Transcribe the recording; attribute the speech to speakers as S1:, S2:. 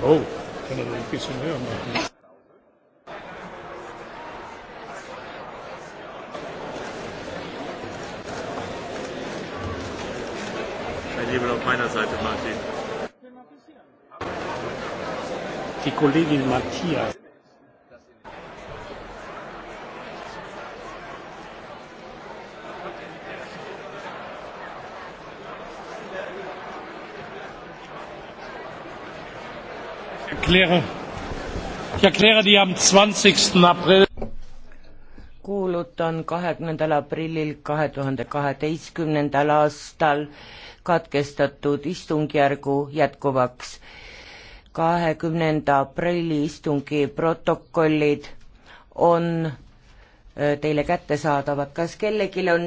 S1: Oh, können wir ein bisschen höher machen.
S2: Ein Nebel auf meiner Seite, Martin.
S1: Die Kollegin Matthias.
S3: kuulutan kahekümnendal aprillil kahe tuhande kaheteistkümnendal aastal katkestatud istungjärgu jätkuvaks. kahekümnenda aprilli istungi protokollid on äh, teile kättesaadavad, kas kellelgi on